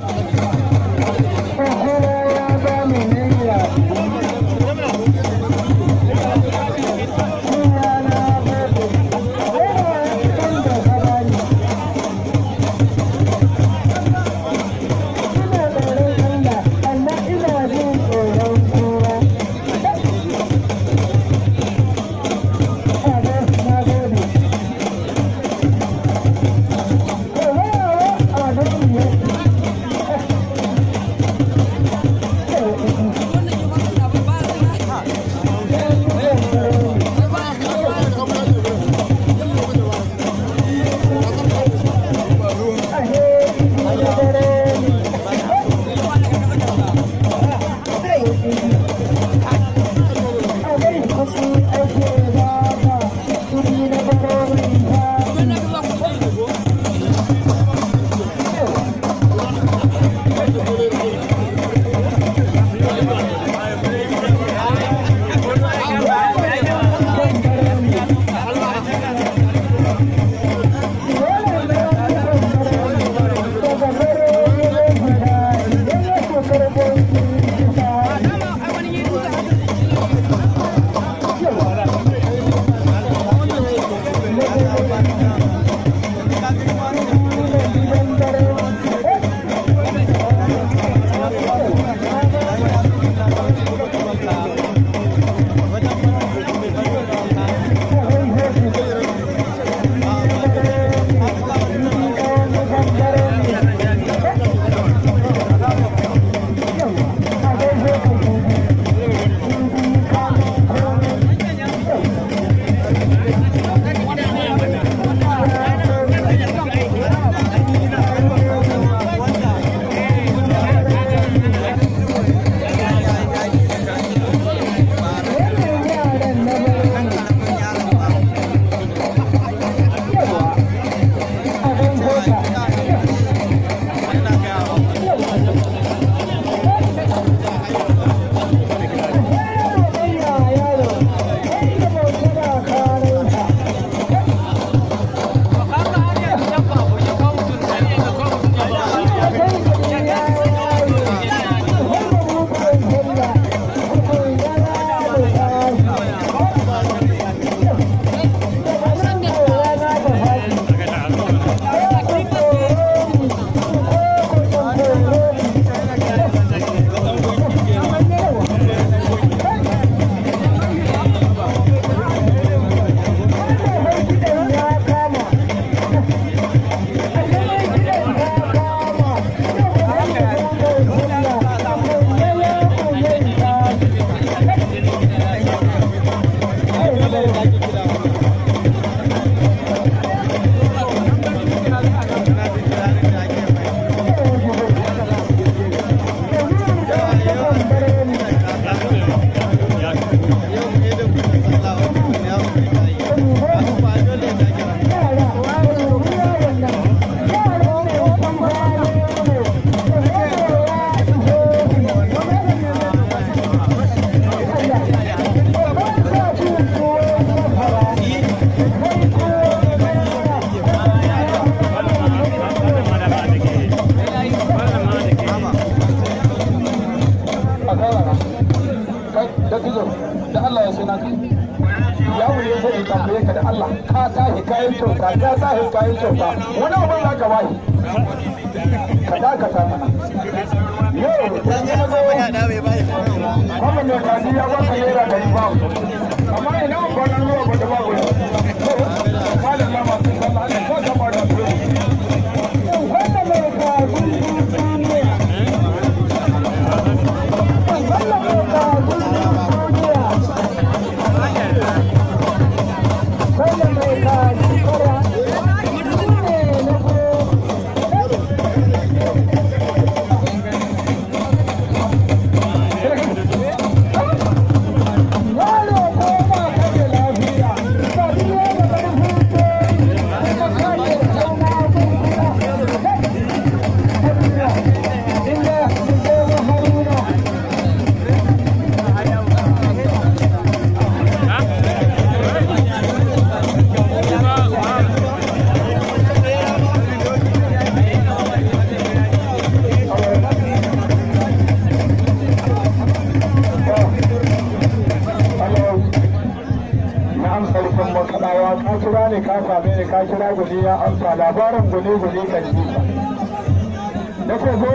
Thank you. Thank you. Thank you. kai Allah ya suna kai ya wuce tambaye ka da Allah ka tahi kayan kyauta ka tahi kayan kyauta wani abin za ka wahi ka dakata mana yau yanzu na zo kwamin kaji ya baka naira dari ba. ka kira ne ka same ne ka kira guli ya amsa labarin guli guli kan ji